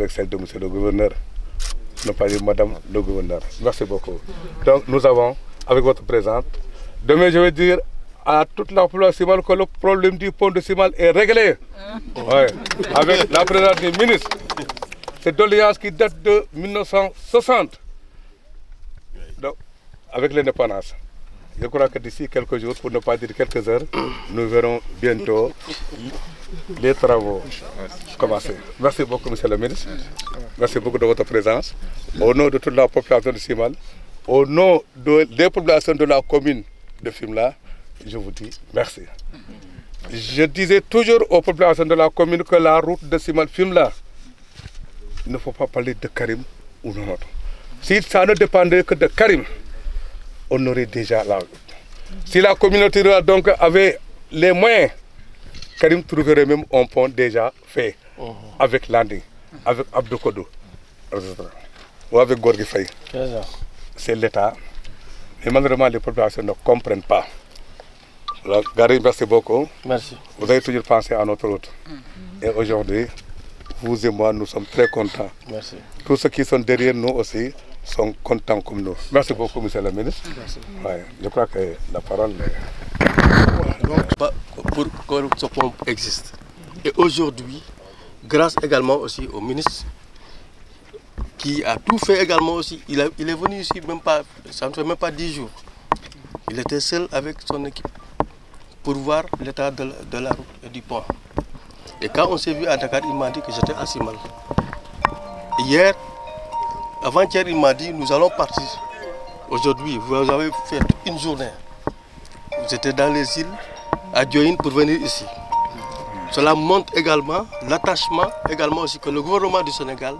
avec celle de monsieur le gouverneur, non pas dire madame le gouverneur. Merci beaucoup. Donc nous avons, avec votre présence, demain je vais dire à toute la population que le problème du pont de Simal est réglé. Ah. Avec la présence du ministre. C'est doléance qui date de 1960. Donc, avec l'indépendance. Je crois que d'ici quelques jours, pour ne pas dire quelques heures, nous verrons bientôt les travaux commencer. Merci beaucoup, monsieur le ministre. Merci beaucoup de votre présence. Au nom de toute la population de Simal, au nom des populations de la commune de Fimla, je vous dis merci. Je disais toujours aux populations de la commune que la route de Simal Fimla, il ne faut pas parler de Karim ou non. Si ça ne dépendait que de Karim, on aurait déjà la route. Si la communauté rurale donc avait les moyens, Karim trouverait même un pont déjà fait oh. avec Landing, avec Abdoukodo, ou avec Gorgi C'est l'État. Mais malheureusement, les populations ne comprennent pas. Alors, Gary, merci beaucoup. Merci. Vous avez toujours pensé à notre route. Mhm. Et aujourd'hui, vous et moi, nous sommes très contents. Merci. Tous ceux qui sont derrière nous aussi, sont contents comme nous. Merci beaucoup, monsieur le ministre. je crois que la parole pour que ce pont existe. Et aujourd'hui, grâce également aussi au ministre qui a tout fait également aussi. Il, est venu ici, même pas, ça ne fait même pas dix jours. Il était seul avec son équipe pour voir l'état de, de, la route et du pont. Et quand on s'est vu à Dakar, il m'a dit que j'étais assez mal. Hier, avant-hier, il m'a dit, nous allons partir. Aujourd'hui, vous avez fait une journée. Vous étiez dans les îles, à Dioïne, pour venir ici. Cela montre également l'attachement également aussi que le gouvernement du Sénégal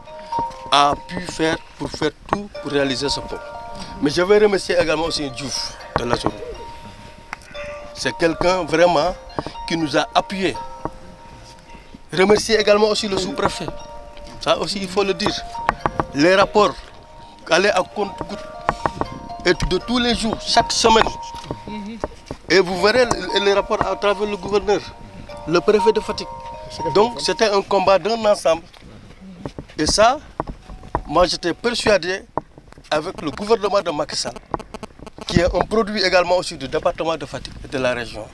a pu faire pour faire tout pour réaliser ce pont. Mais je veux remercier également aussi Diouf de la journée. C'est quelqu'un vraiment qui nous a appuyés. Remercier également aussi le sous-préfet. Ça aussi, il faut le dire les rapports allaient à compte de tous les jours, chaque semaine. Mhm. Et vous verrez les rapports à travers le gouverneur, le préfet de Fatigue. Donc c'était un combat d'un ensemble. Et ça, moi j'étais persuadé avec le gouvernement de Macky qui est un produit également aussi du département de Fatigue et de la région,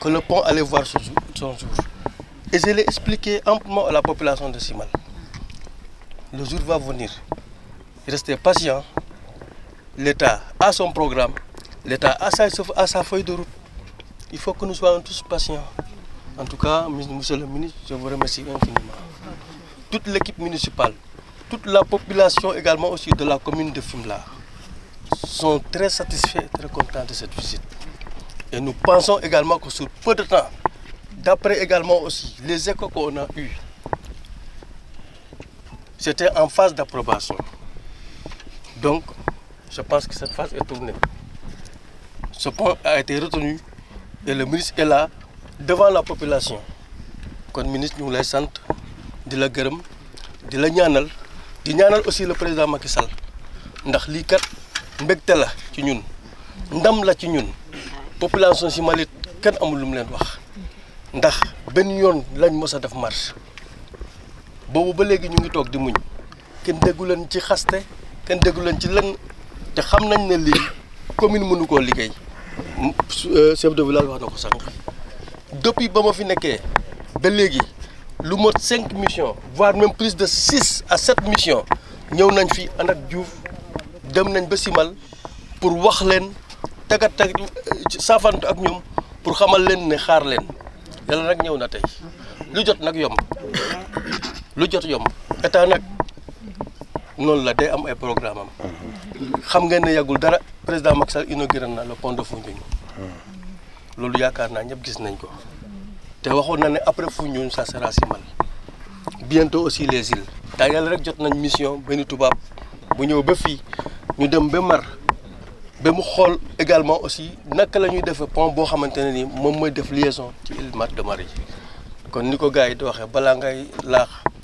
que le pont allait voir son jour. Et je l'ai expliqué amplement à la population de Simal le jour va venir. Restez patients. L'État a son programme, l'État a, sa, feuille de route. Il faut que nous soyons tous patients. En tout cas, Monsieur le ministre, je vous remercie infiniment. Toute l'équipe municipale, toute la population également aussi de la commune de Fimla sont très satisfaits, très contents de cette visite. Et nous pensons également que sur peu de temps, d'après également aussi les échos qu'on a eus, c'était en phase d'approbation. Donc, je pense que cette phase est tournée. Ce point a été retenu et le ministre est là devant la population. Comme ministre, nous les sante, de la gërëm, de la ñaanal, di ñaanal aussi le président Macky Sall. ndax li kat mbégte la ci ñun ndam la ci ñun population si Malit kenn amul lu mu leen wax ndax ben yoon lañ mësa def boobu ba léegi ñu ngi toog di muñ kenn déggu leen ci xaste kenn déggu leen ci lenn te xam nañ ne lii commune mënu koo liggéey euh, chef de village wax na ko sànq depuis ba ma fi nekkee ba léegi lu mot cinq missions voire même plus de six à sept missions ñëw nañ fii ànd ak Diouf dem nañ ba Simal pour wax leen tagat tagat euh, ak ñoom pour xamal leen ne xaar leen yàlla nag ñëw na tey lu jot nag yomb. lu jot yomb état nag noonu la day am ay programme am xam ngeen ne yàggul dara président Macky Sall inauguré na le pont de Foundiougne loolu yaakaar naa ñëpp gis nañ ko te waxoon na ne après Foundiougne ça sera man bientôt aussi les îles daa yàlla jot nañ mission benn tubaab bu ñëw ba fii ñu dem ba mar ba mu xool également aussi naka la ñuy defee pont boo xamante ne ni moom mooy def liaison ci île de Marie kon ni ko gars yi di waxee balaa ngay laax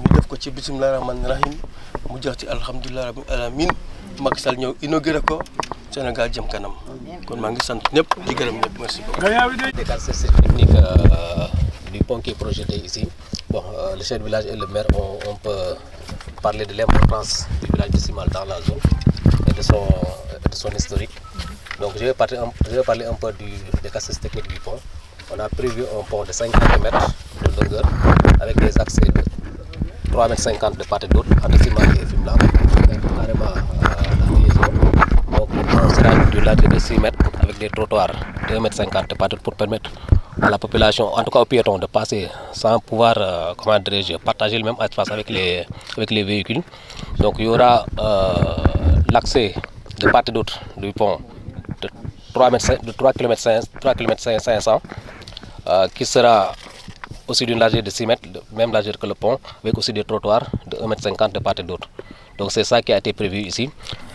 ñu def ko ci bisimilah rahmaani rahim mu jox ci alhamdulilah rabbil alamin Macky Sall ñëw inauguré ko Sénégal jëm kanam kon ma ngi sant ñep di gërëm ñep merci beaucoup. Dakar service technique euh, du pont qui est projeté ici bon euh, le chef de village et le maire on, on peut parler de l'importance du village de Simal dans la zone et de son de son historique donc je vais parler un, je vais parler un peu du des casse techniques du pont on a prévu un pont de 50 mètres de longueur avec des accès de 3 mètres 50 de part et d'autre en estimant les films là. Donc, carrément euh, la Donc on sera du large de 6 mètres avec des trottoirs 2 mètres 50 de part et pour permettre à la population, en tout cas aux piétons, de passer sans pouvoir, euh, partager le même espace avec les, véhicules. Donc il y aura euh, l'accès de part et d'autre du pont de 3, mètres, km, 500 qui sera aussi d'une largeur de 6 mètres, même largeur que le pont, avec aussi des trottoirs de 1,50 m de part et d'autre. Donc c'est ça qui a été prévu ici.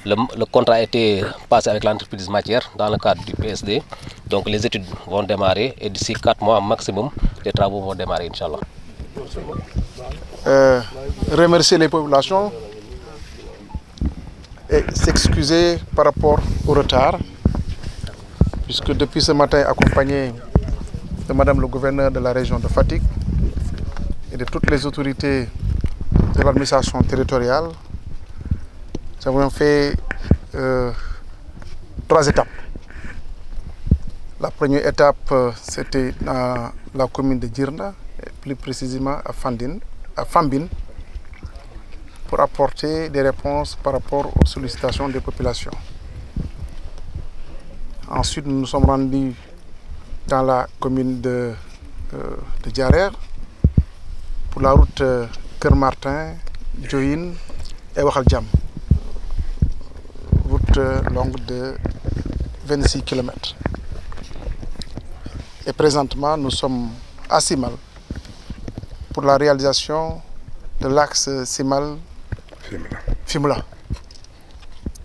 Le, contrat a été passé avec l'entreprise matière dans le cadre du PSD. Donc les études vont démarrer et d'ici 4 mois maximum, les travaux vont démarrer, Inch'Allah. Euh, remercier les populations et s'excuser par rapport au retard, puisque depuis ce matin, accompagné de Madame le gouverneur de la région de Fatigue et de toutes les autorités de l'administration territoriale, nous avons fait euh, trois étapes. La première étape, euh, c'était dans la commune de Djirna, et plus précisément à, Fandine, à Fambine, pour apporter des réponses par rapport aux sollicitations des populations. Ensuite, nous nous sommes rendus dans la commune de, euh, pour la route euh, martin Djoin et Route euh, longue de 26 km. Et présentement, nous sommes à Simal pour la réalisation de l'axe Simal-Fimla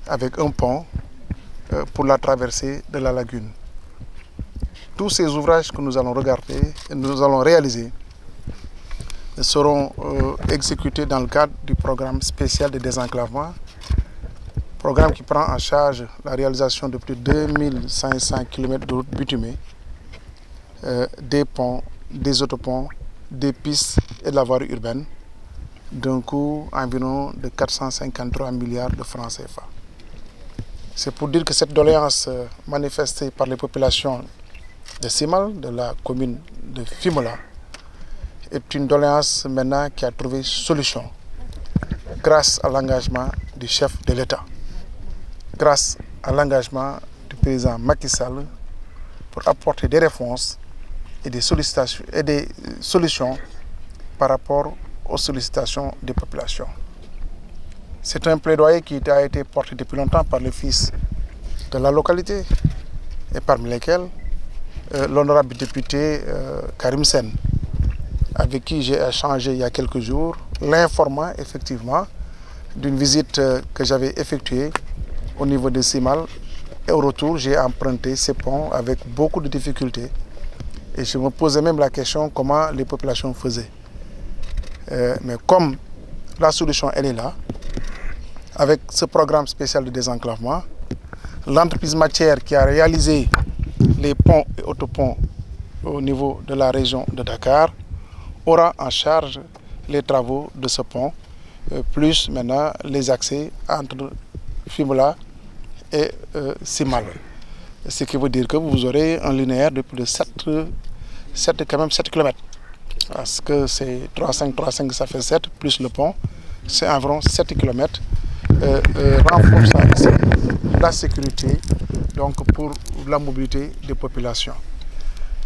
avec un pont euh, pour la traversée de la lagune tous ces ouvrages que nous allons regarder, et nous allons réaliser, seront euh, exécutés dans le cadre du programme spécial de désenclavement, programme qui prend en charge la réalisation de plus de 2500 km de routes bitumées, euh, des ponts, des autoponts, des pistes et de la voie urbaine, d'un coût environ de 453 milliards de francs CFA. C'est pour dire que cette doléance euh, manifestée par les populations de Simal, de la commune de Fimola, est une doléance maintenant qui a trouvé solution grâce à l'engagement du chef de l'État, grâce à l'engagement du président Macky Sall pour apporter des réponses et des, sollicitations, et des solutions par rapport aux sollicitations des populations. C'est un plaidoyer qui a été porté depuis longtemps par le fils de la localité et parmi lesquels euh, l'honorable député euh, Karim Sen, avec qui j'ai échangé il y a quelques jours, l'informant effectivement d'une visite euh, que j'avais effectuée au niveau de Simal. Et au retour, j'ai emprunté ces ponts avec beaucoup de difficultés. Et je me posais même la question comment les populations faisaient. mais comme la solution, elle est là, avec ce programme spécial de désenclavement, l'entreprise matière qui a réalisé les ponts et autoponts au niveau de la région de Dakar aura en charge les travaux de ce pont, euh, plus maintenant les accès entre Fimola et euh, Simal. Ce qui veut dire que vous aurez un linéaire de plus de 7, 7 quand même 7 km. Parce que c'est 3,5, 3,5, ça fait 7, plus le pont, c'est environ 7 km. Euh, euh, la sécurité donc pour la mobilité des populations.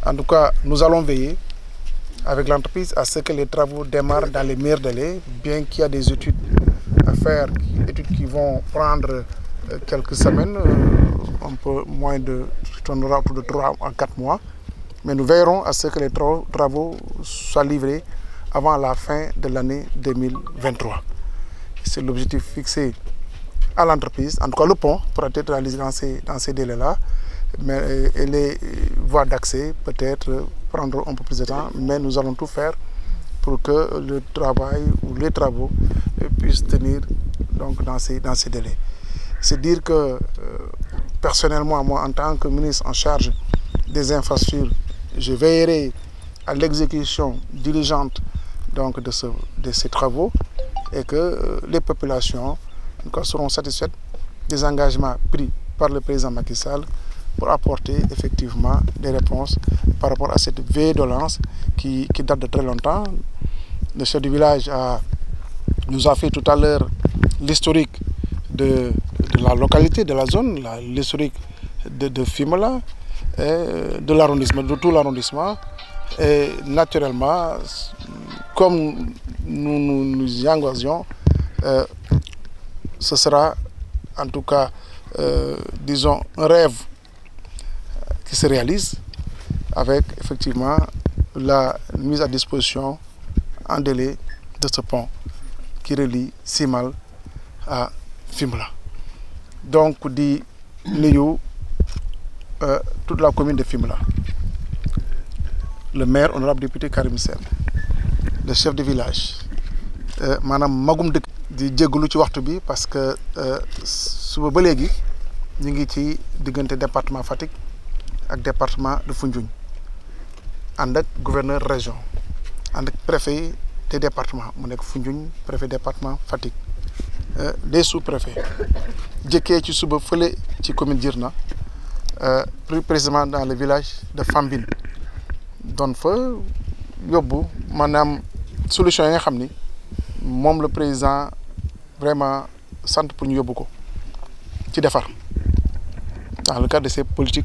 En tout cas, nous allons veiller avec l'entreprise à ce que les travaux démarrent dans les meilleurs délais, bien qu'il y a des études à faire, études qui vont prendre euh, quelques semaines, euh, un peu moins de, autour de 3 à 4 mois. Mais nous veillerons à ce que les travaux soient livrés avant la fin de l'année 2023. C'est l'objectif fixé à l'entreprise. En tout cas, le pont pourra être réalisé dans ces délais-là mais, euh, et les euh, voies d'accès peut-être euh, prendront un peu plus de temps, mais nous allons tout faire pour que le travail ou les travaux puissent tenir donc, dans, ces, délais. C'est dire que personnellement, moi en tant que ministre en charge des infrastructures, je veillerai à l'exécution diligente de, ces travaux et que les populations seront satisfaites des engagements pris par le président Macky Sall pour apporter effectivement des réponses par rapport à cette védolence qui, qui date de très longtemps. Le chef du village a, nous a fait tout à l'heure l'historique de, la localité, de la zone, l'historique de, de Fimola, de l'arrondissement, de tout l'arrondissement. Et naturellement, comme nous nous, y engageons euh, ce sera en tout cas, euh, disons, un rêve qui se réalise avec effectivement la mise à disposition en délai de ce pont qui relie Simal à Fimla. Donc, dit Niyu euh, toute la commune de Fimla, le maire, honorable député Karim Sen, le chef de village, euh, Madame Magoum de di tu parce que euh, suba ba nous ñu ngi département fatigue le département de en tant ak gouverneur région tant ak préfet du département, départements mu préfet préfet département Fatigue euh, les sous-préfets j'ai ci suba fële ci commune d'Irna euh, plus précisément dans le village de Fambine donc fa yóbbu une solution yi le président vraiment sente pour ñu yóbbu ko ci dans le cadre de ces politiques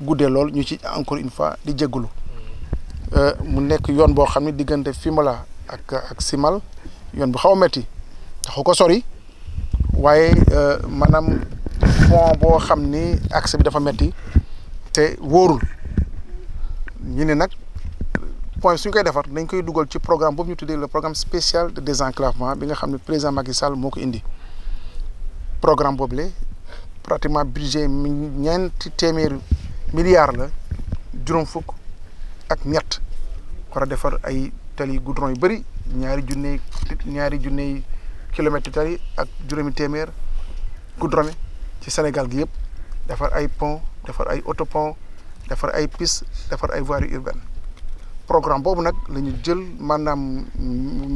goudé lol ñu ci encore une fois di euh mu nek yoon bo xamni digënté diggante Fimela ak ak Simal yoon bu xaw a métti taxu ko sori waaye euh, maanaam fond bo xamni ni accès bi dafa metti te worul ñu ne nak point suñ koy défar dañ koy duggal ci programme bu ñu tuddé le programme spécial de désenclavement bi nga xamni président Macky Sall moko indi programme boobu le pratiquement budget ñent ñeenti milliard la juróom fukk ak ñett war a defar ay tali goudron yu bëri ñaari junne yi junne kilomètre tali ak juróomi téeméer goudronné ci Sénégal gi yëpp defar ay pont defar ay autopont defar ay piste defar ay voirie urbaine programme boobu nag lañu jël maanaam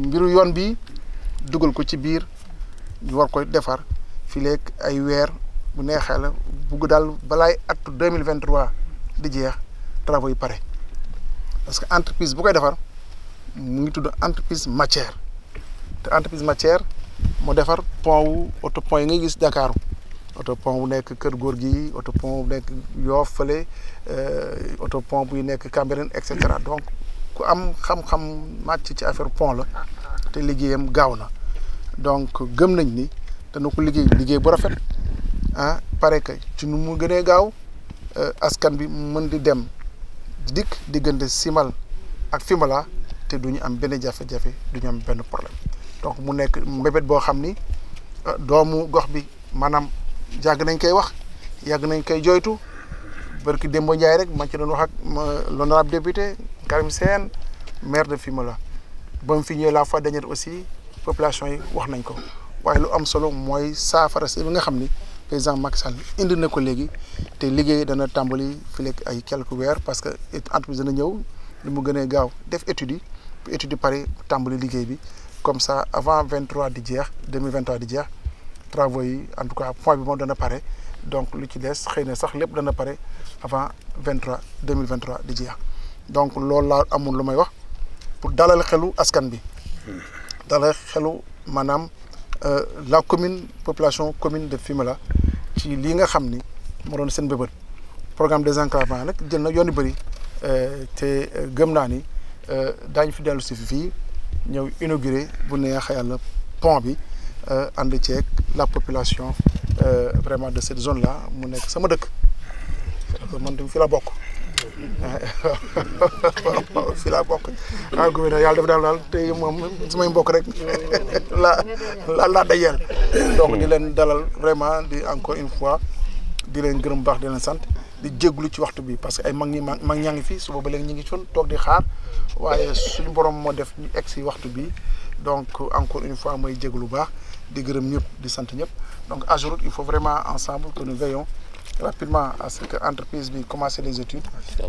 mbiru yoon bi dugal ko ci biir ñu war koy defar fii ay weer bu neexee la bugg daal balaay atu deux mille di jeex travaux yi pare parce que entreprise bu koy defar mu ngi tudd entreprise matière te entreprise matière mu defar pont wu oto pont yi gis Dakar auto pont bu nekk Kër Góor gi oto pont bu nekk Yoff fële euh, auto pont bu nekk Cambérène et cetera donc ku am xam-xam màcc ci affaire pont la te liggéeyam gaaw na donc gëm nañ ni dana ko liggéey liggéey bu rafet. ah pare que ci nu mu gënee gaaw euh, askan bi mën di dem dikk diggante Simal ak Fimela te du ñu am benn jafe-jafe du ñu am benn problème donc mu nekk mbébét boo xam ni euh, doomu gox bi maanaam yàgg nañ koy wax yàgg nañ koy joytu barki Demba Ndiaye rek ma ci doon wax ak l'honorable député Karim Sène maire de Fimela bam mu fi ñëwee la fois dernière aussi population yi wax nañ ko waaye lu am solo mooy saafara si bi nga xam ni. présent Macky Sall indi na ko léegi té liggéey dana tàmbali fii ay quelques weer parce que entreprise dana ñew lu mu gëné a gaaw def étude étude paré tambali yi liggéey bi comme ça avant 23 di jeex 2023 di jeex travaux yi en tout cas point bi mo dana paré donc lu ci dess xeyna sax lepp dana paré avant 23 2023 di jeex donc lool la amul lu may wax pour dalal xelu askan bi hmm. dalal xelu manam euh, la commune population commune de Fimela ci li nga xamni mo moo doon seen bëbët programme désenclavement nag jël na yoon yu euh te euh, gëm na ni euh, daañu fi dellu ci fii ñëw inauguré bu neex yàlla pont bi ànd ceeg la population vraiment de cette zone là mu nekk sama dëkk man tamit fi la bokk waaw la laa bokk ah Gouye nag yàlla def daal daal tey moom samay mbokk rek la la laa dajeel. donc di leen dalal vraiment di encore une fois di leen gërëm baax di leen sant di jéglu ci waxtu bi parce que ay mag ñi mag mag ñaa ngi fi su ba léegi ñu ngi sun toog di xaar waaye suñu borom moo def ñu egg si waxtu bi donc encore une fois may jéglu baax di gërëm ñëpp di sant ñëpp donc à il faut vraiment ensemble que nous veillons rapidement à ce que l'entreprise commence les études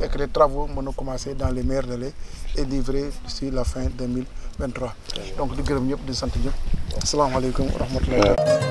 et que les travaux vont commencer dans les meilleurs délais et livrés d'ici la fin 2023. Donc, nous de de les Assalamu wa